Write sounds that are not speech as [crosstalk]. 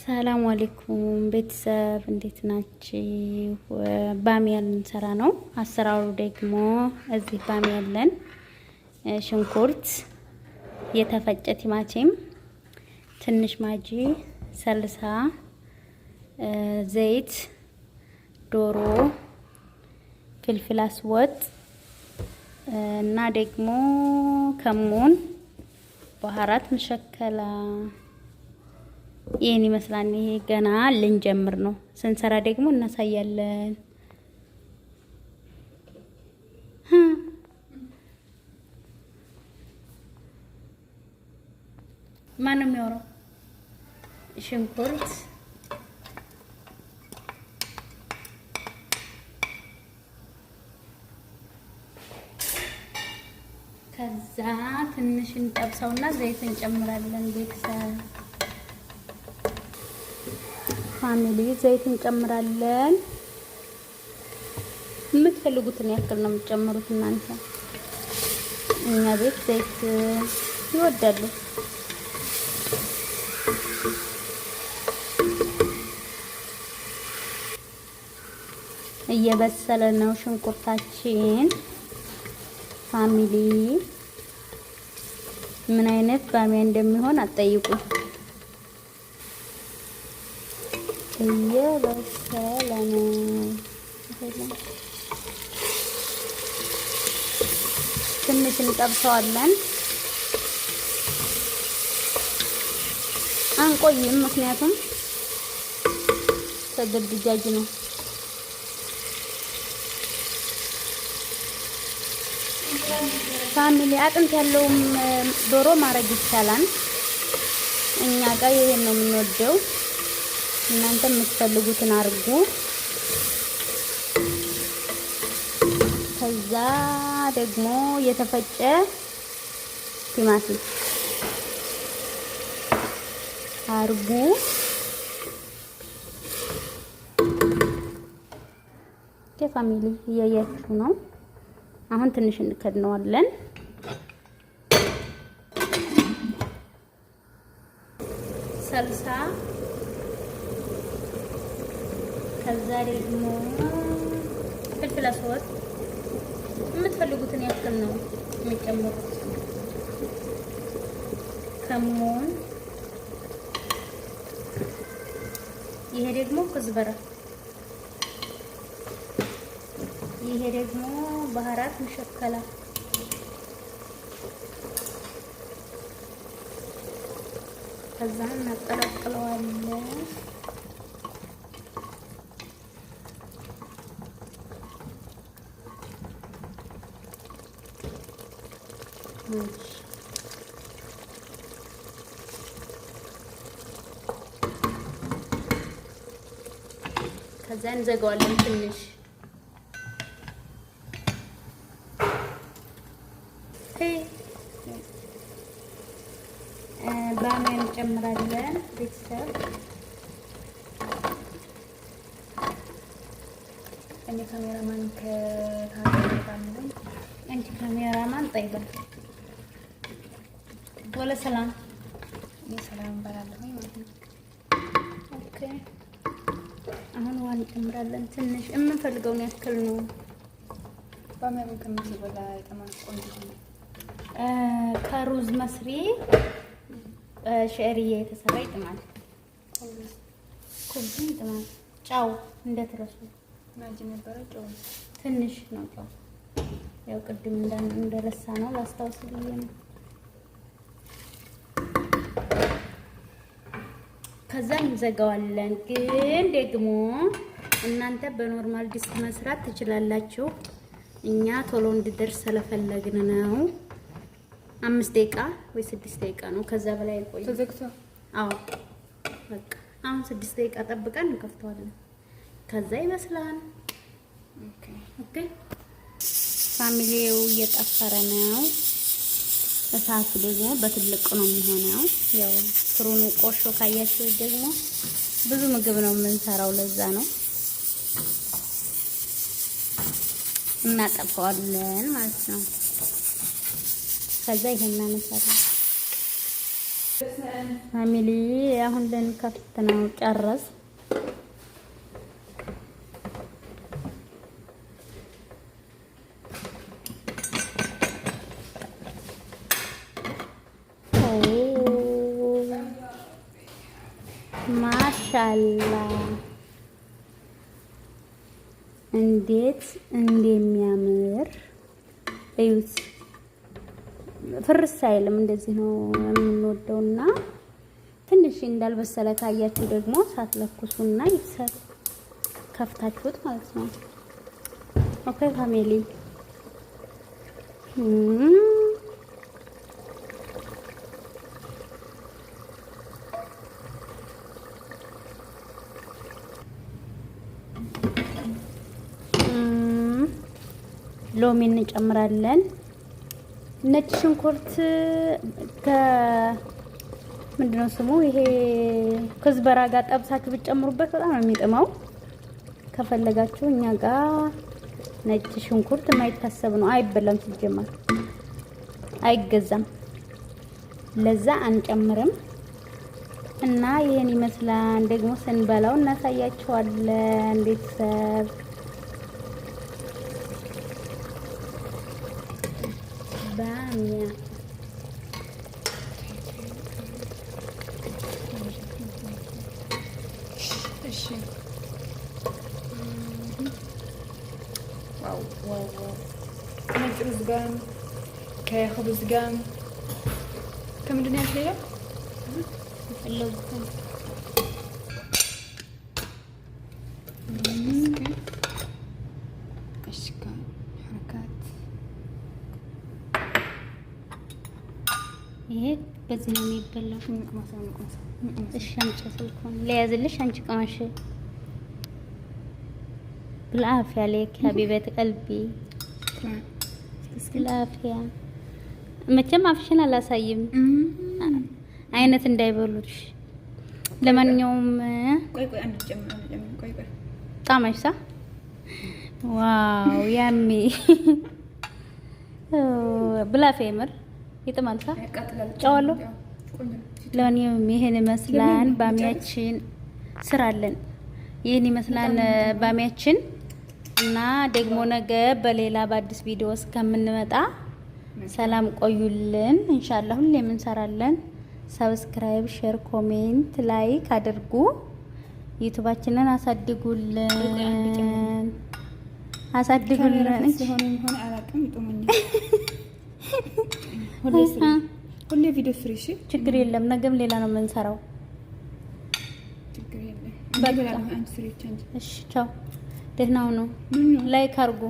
ሰላም አለይኩም ቤተሰብ እንዴት ናችሁ? ባሚያል እንሰራ ነው። አሰራሩ ደግሞ እዚህ ባሚያ ያለን ሽንኩርት፣ የተፈጨ ቲማቲም፣ ትንሽ ማጂ፣ ሰልሳ፣ ዘይት፣ ዶሮ፣ ፍልፍል አስወጥ እና ደግሞ ከሙን፣ በኋራት፣ መሸከላ ይህን ይመስላል። ይሄ ገና ልንጀምር ነው። ስንሰራ ደግሞ እናሳያለን። ማን ነው የሚያወራው? ሽንኩርት ከዛ ትንሽ እንጠብሰውና ዘይት እንጨምራለን ቤተሰብ ፋሚሊ ዘይት እንጨምራለን። የምትፈልጉትን ያክል ነው የምትጨምሩት እናንተ። እኛ ቤት ዘይት ይወዳሉ። እየበሰለ ነው ሽንኩርታችን ፋሚሊ። ምን አይነት ባሚያ እንደሚሆን አትጠይቁኝ። እየበሰለ ነው። ትንሽ እንጠብሰዋለን፣ አንቆይም። ምክንያቱም ሰድር ድጃጅ ነው። ፋሚሊ አጥንት ያለውም ዶሮ ማድረግ ይቻላል። እኛ ጋር ይሄን ነው የምንወደው። እናንተ የምትፈልጉትን አድርጉ። ከዛ ደግሞ የተፈጨ ቲማቲም አርጉ። የፋሚሊ እያያችሁ ነው። አሁን ትንሽ እንከድነዋለን። ሰልሳ ከዛ ደግሞ ፍልፍል አስወጥ የምትፈልጉትን ያክል ነው የሚጨምሩት። ከሞን ይሄ ደግሞ ኩዝበራ፣ ይሄ ደግሞ ባህራት መሸከላ ከዛም እናቀላቅለዋለን። ከዛ እንዘጋዋለን ትንሽ ባና እንጨምራለን ቤተሰብ እኔ ካሜራማን ከታለ ባለ እንጂ ካሜራማን ጠይባል ወለ ሰላም ሰላም እንበላለሁ ማለት ነው። ኦኬ አሁን ውሃ እንጨምራለን። ትንሽ የምንፈልገውን ያክል ነው። በመሩን ከምን በላ የተማርቆን ከሩዝ መስሪ ሸዕርዬ የተሰራ ይጥማል። ኩብዝ ይጥማል። ጫው እንደትረሱ ትንሽ ነው ጫው። ያው ቅድም ነው ላስታውስ ብዬ ነው ከዛ እንዘጋዋለን። ግን ደግሞ እናንተ በኖርማል ዲስክ መስራት ትችላላችሁ። እኛ ቶሎ እንድደርስ ስለፈለግን ነው። አምስት ደቂቃ ወይ ስድስት ደቂቃ ነው፣ ከዛ በላይ ቆይ። ተዘግቷል። አዎ በቃ አሁን ስድስት ደቂቃ ጠብቀን እንከፍተዋለን። ከዛ ይመስላል። ኦኬ ኦኬ ፋሚሊው እየጠፈረ ነው። እሳቱ ደግሞ በትልቅ ነው የሚሆነው። ያው ስሩን ቆሾ ካያችሁ ደግሞ ብዙ ምግብ ነው የምንሰራው። ለዛ ነው እናጠፋዋለን ማለት ነው። ከዛ ይሄን እናነሳለን። ፋሚሊ አሁን ልንከፍት ነው። ጨረስ ቃላ እንዴት እንደሚያምር እዩት። ፍርስ አይልም። እንደዚህ ነው የምንወደው እና ትንሽ እንዳልበሰለ ካያችሁ ደግሞ ሳትለኩሱና ይብሰል ከፍታችሁት ማለት ነው። ኦኬ ፋሚሊ ሎሚ እንጨምራለን። ነጭ ሽንኩርት ምንድነው ስሙ ይሄ ከዝበራ ጋር ጠብሳችሁ ብትጨምሩበት በጣም ነው የሚጥመው። ከፈለጋችሁ እኛ ጋር ነጭ ሽንኩርት የማይታሰብ ነው፣ አይበላም፣ ሲጀመር አይገዛም፣ ለዛ አንጨምርም። እና ይህን ይመስላል። ደግሞ ስንበላው እናሳያቸዋለን ቤተሰብ بامية واو واو واو هناك رز قام كي خبز قام كم دنيا حليلة؟ اللوز ይሄ በዚህ ነው የሚበላው። እሺ አንቺ ስልኩን ለያዝልሽ አንቺ ቀማሽ ብልአፍያ ለክ ሀቢበት ቀልቢ ብልአፍያ። መቼም አፍሽን አላሳይም አይነት እንዳይበሉሽ። ለማንኛውም ጣማሽ ሳ ዋው ያሚ ብላፌ ምር ይጥማልካ ጫዋሉ ለእኔም ይሄን ይመስላል። ባሚያችን ስራለን ይሄን ይመስላል ባሚያችን እና ደግሞ ነገ በሌላ በአዲስ ቪዲዮ እስከምንመጣ ሰላም ቆዩልን። ኢንሻአላህ ሁሌም እንሰራለን። ሰብስክራይብ፣ ሼር፣ ኮሜንት፣ ላይክ አድርጉ። ዩቲዩባችንን አሳድጉልን አሳድጉልን። [laughs] ሁሌ ቪዲዮ ስሪ። እሺ፣ ችግር የለም። ነገም ሌላ ነው የምንሰራው። እሺ፣ ቻው። ደህና ሁኑ። ላይክ አድርጉ።